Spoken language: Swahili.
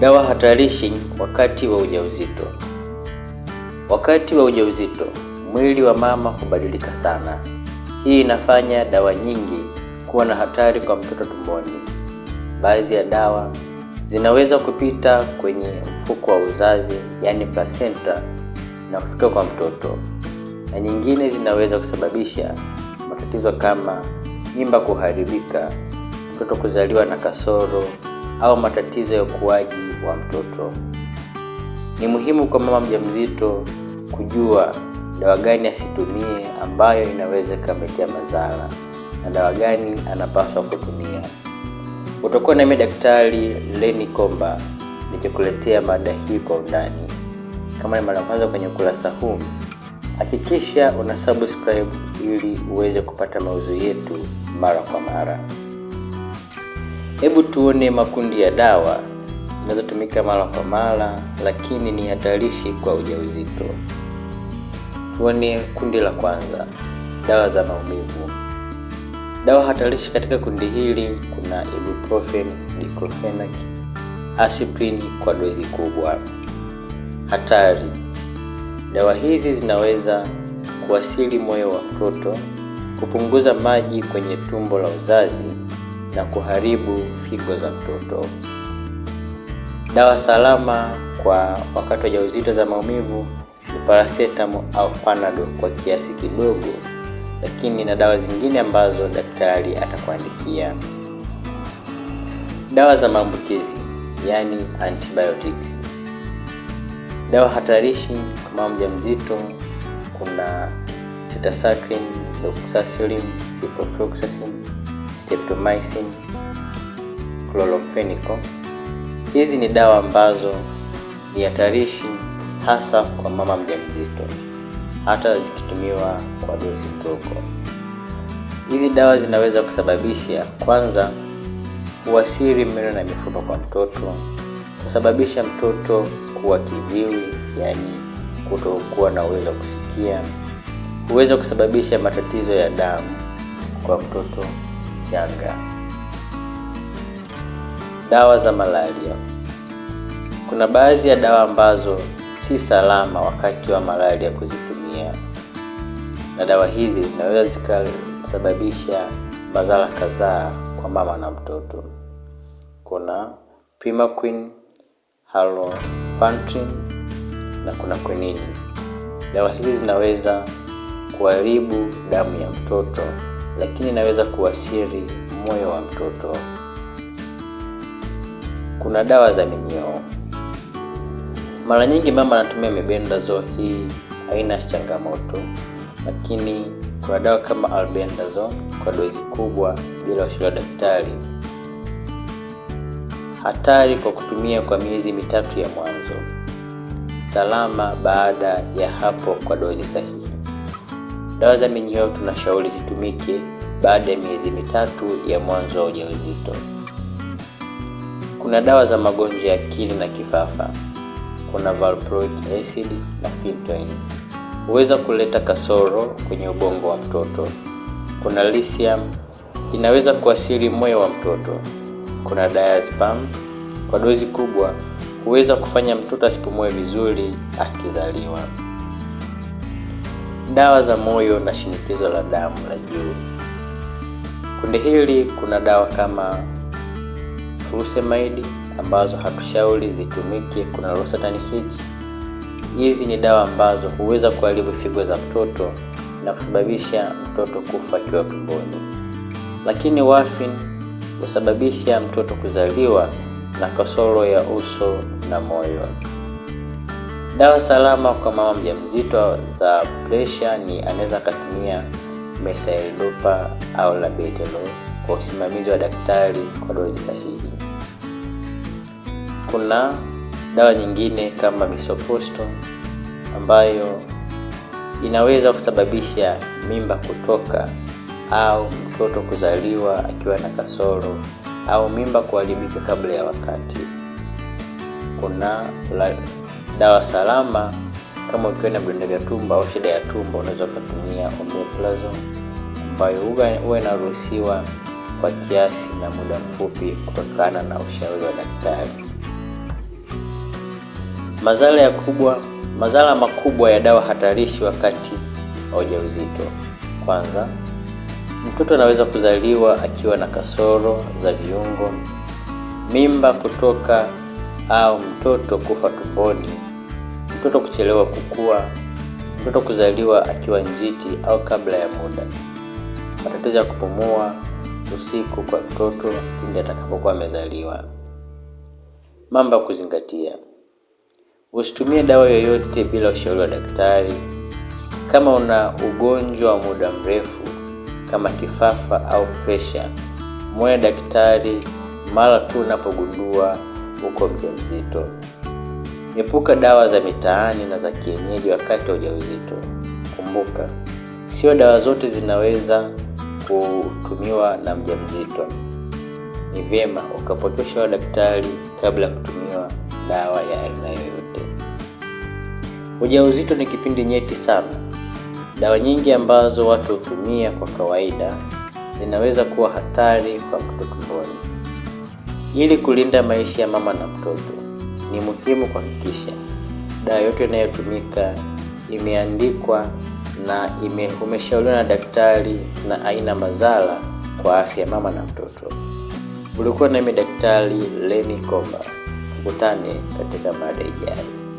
Dawa hatarishi wakati wa ujauzito. Wakati wa ujauzito, mwili wa mama hubadilika sana. Hii inafanya dawa nyingi kuwa na hatari kwa mtoto tumboni. Baadhi ya dawa zinaweza kupita kwenye mfuko wa uzazi, yaani placenta, na kufika kwa mtoto, na nyingine zinaweza kusababisha matatizo kama mimba kuharibika, mtoto kuzaliwa na kasoro au matatizo ya ukuaji wa mtoto. Ni muhimu kwa mama mjamzito kujua dawa gani asitumie ambayo inaweza ikamletea madhara na dawa gani anapaswa kutumia. Utakuwa nami Daktari Leni Komba nikikuletea mada hii kwa undani. Kama ni mara kwanza kwenye ukurasa huu, hakikisha una subscribe ili uweze kupata mauzo yetu mara kwa mara. Hebu tuone makundi ya dawa zinazotumika mara kwa mara lakini ni hatarishi kwa ujauzito. Tuone kundi la kwanza, dawa za maumivu. Dawa hatarishi katika kundi hili kuna ibuprofen, diclofenac, aspirin kwa dozi kubwa. Hatari: dawa hizi zinaweza kuasili moyo wa mtoto, kupunguza maji kwenye tumbo la uzazi na kuharibu figo za mtoto. Dawa salama kwa wakati wa ujauzito za maumivu ni paracetamol au panado kwa kiasi kidogo, lakini na dawa zingine ambazo daktari atakuandikia. Dawa za maambukizi yaani antibiotics. Dawa hatarishi kwa mama mjamzito kuna tetracycline, doxycycline, ciprofloxacin streptomycin, chloramphenicol. Hizi ni dawa ambazo ni hatarishi hasa kwa mama mjamzito, hata zikitumiwa kwa dozi ndogo. Hizi dawa zinaweza kusababisha kwanza, huasiri meno na mifupa kwa mtoto, kusababisha mtoto kuwa kiziwi, yaani kutokuwa na uwezo wa kusikia, huweza kusababisha matatizo ya damu kwa mtoto changa. Dawa za malaria. Kuna baadhi ya dawa ambazo si salama wakati wa malaria kuzitumia, na dawa hizi zinaweza zikasababisha madhara kadhaa kwa mama na mtoto. Kuna Primaquine, Halofantrine na kuna quinine. Dawa hizi zinaweza kuharibu damu ya mtoto lakini inaweza kuathiri moyo wa mtoto. Kuna dawa za minyoo. Mara nyingi mama anatumia mebendazo hii haina changamoto, lakini kuna dawa kama albendazo kwa dozi kubwa bila ushauri wa daktari. Hatari kwa kutumia kwa miezi mitatu ya mwanzo, salama baada ya hapo kwa dozi sahihi. Dawa za minyoo tunashauri zitumike baada ya miezi mitatu ya mwanzo wa ujauzito. Kuna dawa za magonjwa ya akili na kifafa, kuna valproic acid na phenytoin, huweza kuleta kasoro kwenye ubongo wa mtoto. Kuna lithium, inaweza kuathiri moyo wa mtoto. Kuna diazepam, kwa dozi kubwa huweza kufanya mtoto asipumue vizuri akizaliwa dawa za moyo na shinikizo la damu la juu. Kundi hili kuna dawa kama furosemide ambazo hatushauri zitumike. Kuna losartan H. Hizi ni dawa ambazo huweza kuharibu figo za mtoto na kusababisha mtoto kufa akiwa tumboni, lakini warfarin husababisha mtoto kuzaliwa na kasoro ya uso na moyo. Dawa salama kwa mama mjamzito za presha ni anaweza akatumia mesaldopa au labetalol kwa usimamizi wa daktari kwa dozi sahihi. Kuna dawa nyingine kama misoprostol ambayo inaweza kusababisha mimba kutoka au mtoto kuzaliwa akiwa na kasoro au mimba kuharibika kabla ya wakati. Kuna dawa salama. Kama ukiwa na vidonda vya tumbo au shida ya tumbo, unaweza ukatumia omeprazole ambayo huwa inaruhusiwa kwa kiasi na muda mfupi kutokana na ushauri wa daktari. Madhara ya kubwa, madhara makubwa ya dawa hatarishi wakati wa ujauzito. Kwanza, mtoto anaweza kuzaliwa akiwa na kasoro za viungo, mimba kutoka au mtoto kufa tumboni mtoto kuchelewa kukua, mtoto kuzaliwa akiwa njiti au kabla ya muda, matatizo ya kupumua usiku kwa mtoto pindi atakapokuwa amezaliwa. Mambo ya kuzingatia: usitumie dawa yoyote bila ushauri wa daktari. Kama una ugonjwa wa muda mrefu kama kifafa au presha, mwone daktari mara tu unapogundua uko mjamzito. Epuka dawa za mitaani na za kienyeji wakati wa ujauzito. Kumbuka, sio dawa zote zinaweza kutumiwa na mjamzito. Ni vyema ukapokea ushauri wa daktari kabla ya kutumiwa dawa ya aina yoyote. Ujauzito ni kipindi nyeti sana. Dawa nyingi ambazo watu hutumia kwa kawaida zinaweza kuwa hatari kwa mtoto tumboni. Ili kulinda maisha ya mama na mtoto ni muhimu kuhakikisha dawa yote inayotumika imeandikwa na ime, umeshauriwa na daktari na aina madhara kwa afya ya mama na mtoto. Ulikuwa nami Daktari leni Komba, tukutane katika mada ijayo.